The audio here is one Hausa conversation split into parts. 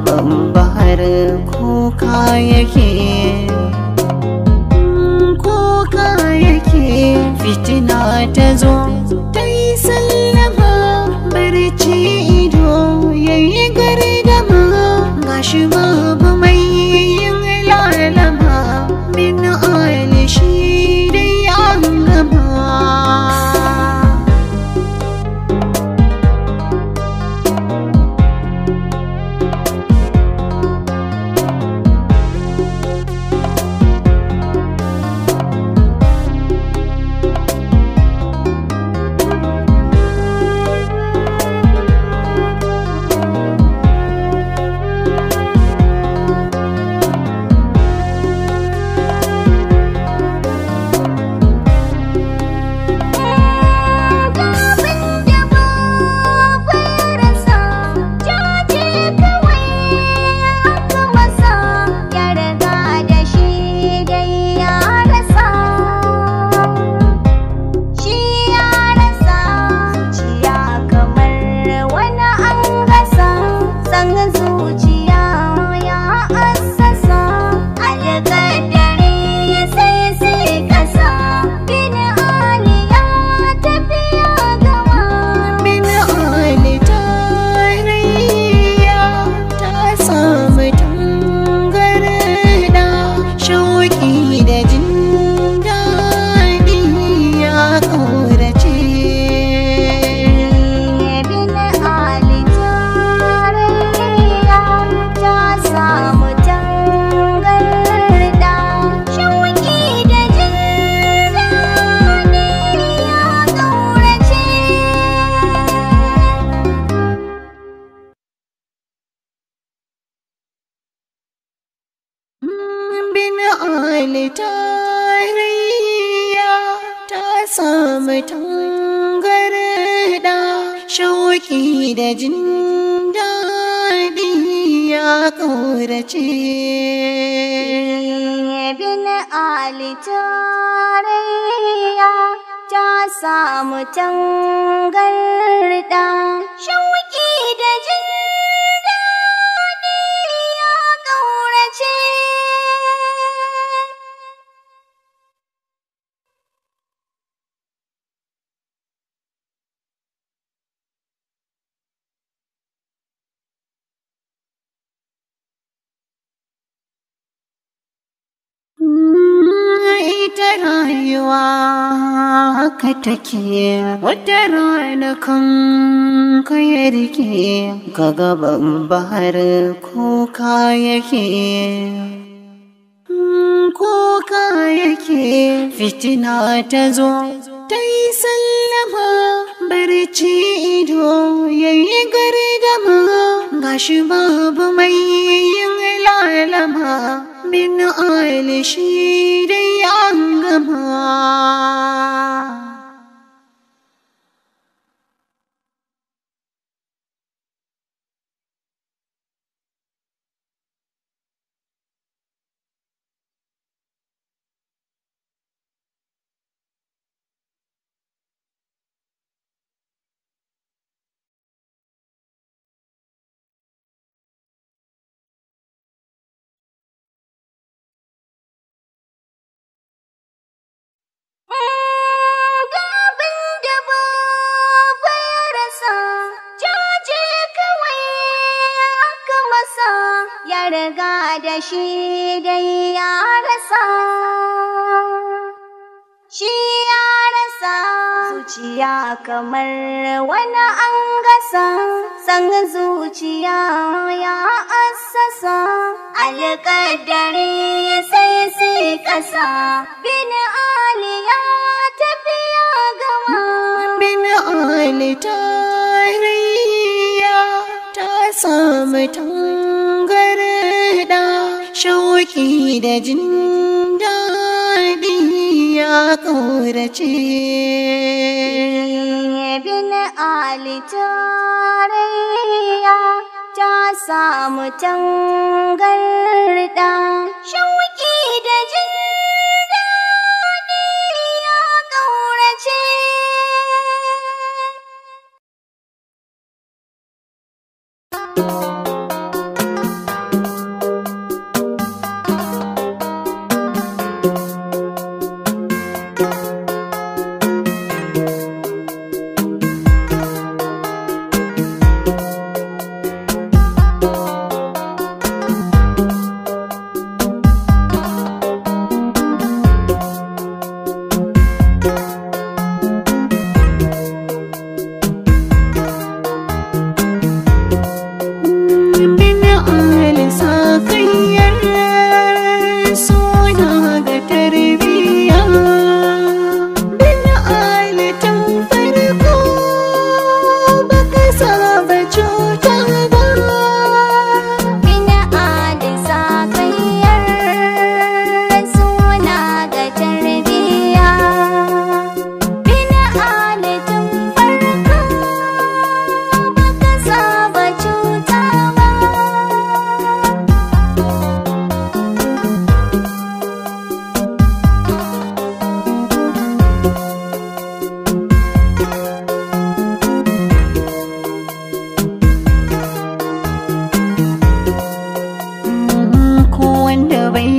ban bahar kuka yake kuka yake fitina ta zo shauki da jin daɗi ya ƙaurace bin alitarayya ta samu tangarɗa shauki da jin rayuwa haka take wata ranakun ka ya rike ka gaban bahar kuka yake hmm, kuka yake fitina ta zo ta yi sallama barci ido yayi gardama gashi babu mai yin lalama min ali shi dai an gama ya riga da shi dai ya rasa shi ya rasa zuciya kamar wani an gasa san zuciya ya assasa alƙaddari sai sai ƙasa bin aliya tafiya gama bin ali tariya ta samu shauki da jin daɗi ya ƙaurace bin alitariya ta samu tangarɗa shauki da jin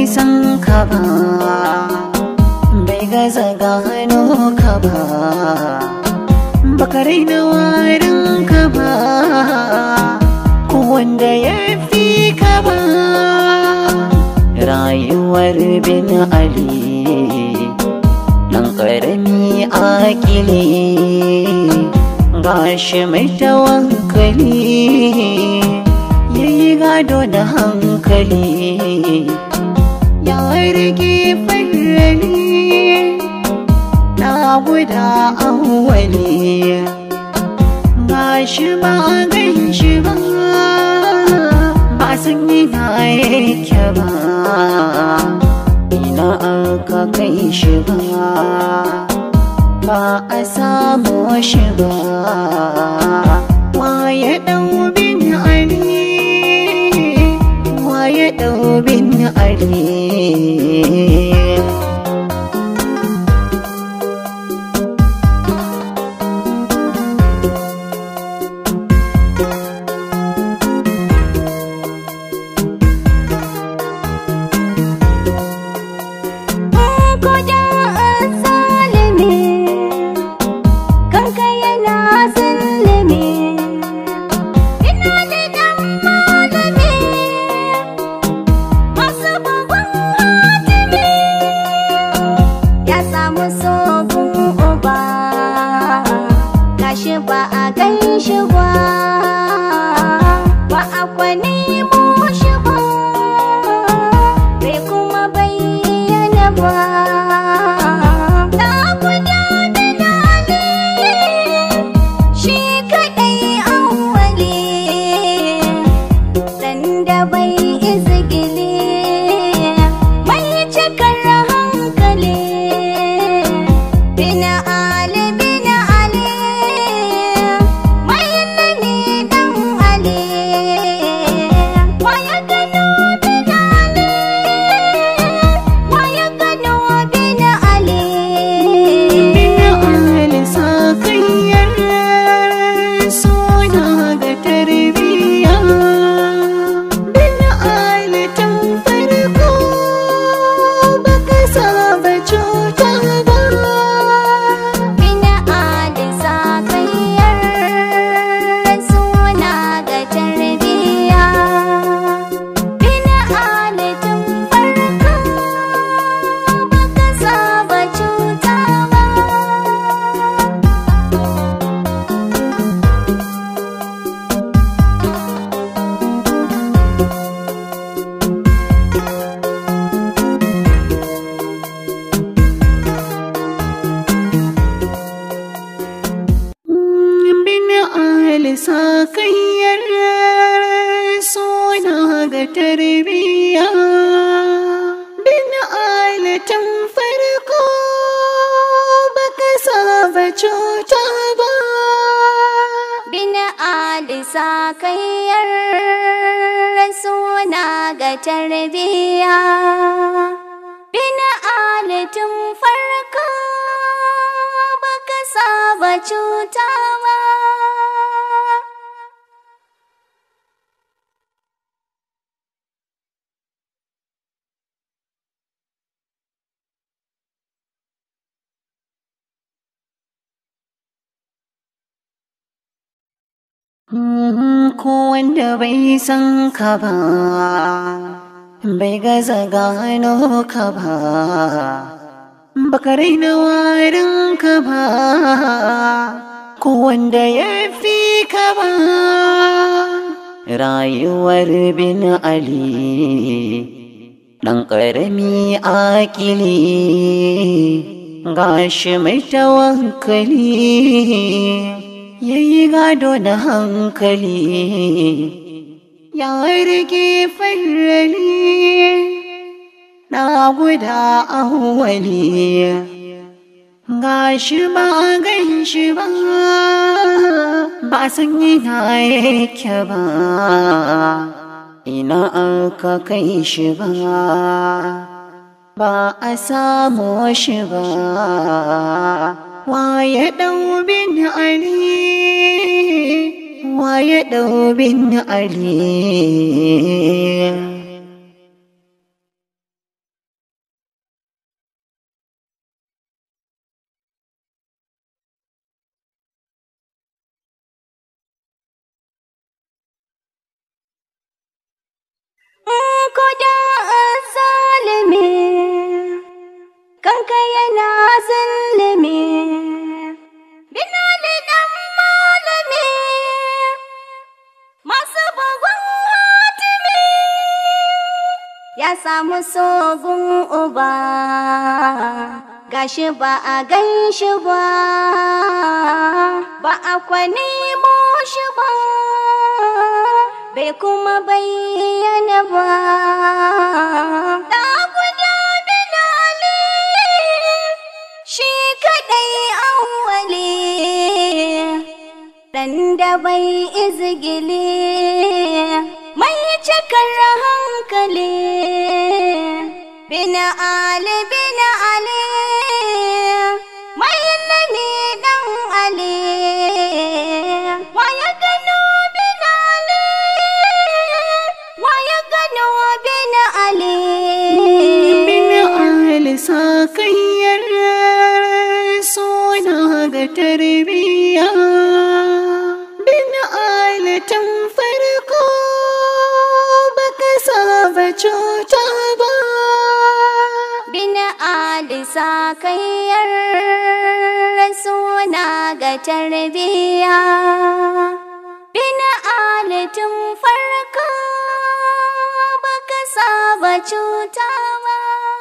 bai san ka ba bai gaza gano ka ba baka raina warin ka ba ko wanda ya fi ka ba rayuwar bin ali nan karami akile gashi mai tawankali yayi gado da hankali guda awwali ba shi ba shi ba ba san ina yake ba ina aka kai shi ba ba a samu shi ba tarbiyyar suna ga tarbiyya bin alatan farko baka saba cuta ba bin alisa kayyar suna ga tarbiyya bin alatin farko baka saba cuta ba Mm-hmm. Ko wanda bai san ka ba, bai gaza gano ka ba, baka raina warin ka ba, ko wanda ya fi ka ba. Rayuwar bin Ali, ɗan ƙarami aƙili, gashi mai tawankali. yayi gado da hankali ya rike farrali na guda ahwali ga shi ba gan shi ba ba san ina yake ba ina aka kai shi ba ba a samu shi ba wa ya ɗau bin ali wa ya ɗau bin ali zalimi kanka yana zan ya samu sogun uba gashi ba a gan shi ba ba a kwanimo shi ba bai kuma bayyana ba shi kaɗai awwali da bai izgili mai cikar hankali bina ali bina ali mai nani dan ali waya gano bina ali waya gano bina ali bina ali so suna ga tarbiyya cuta ba bin alisa kayyar suna ga tarbiya bin alitin farka baka saba cuta ba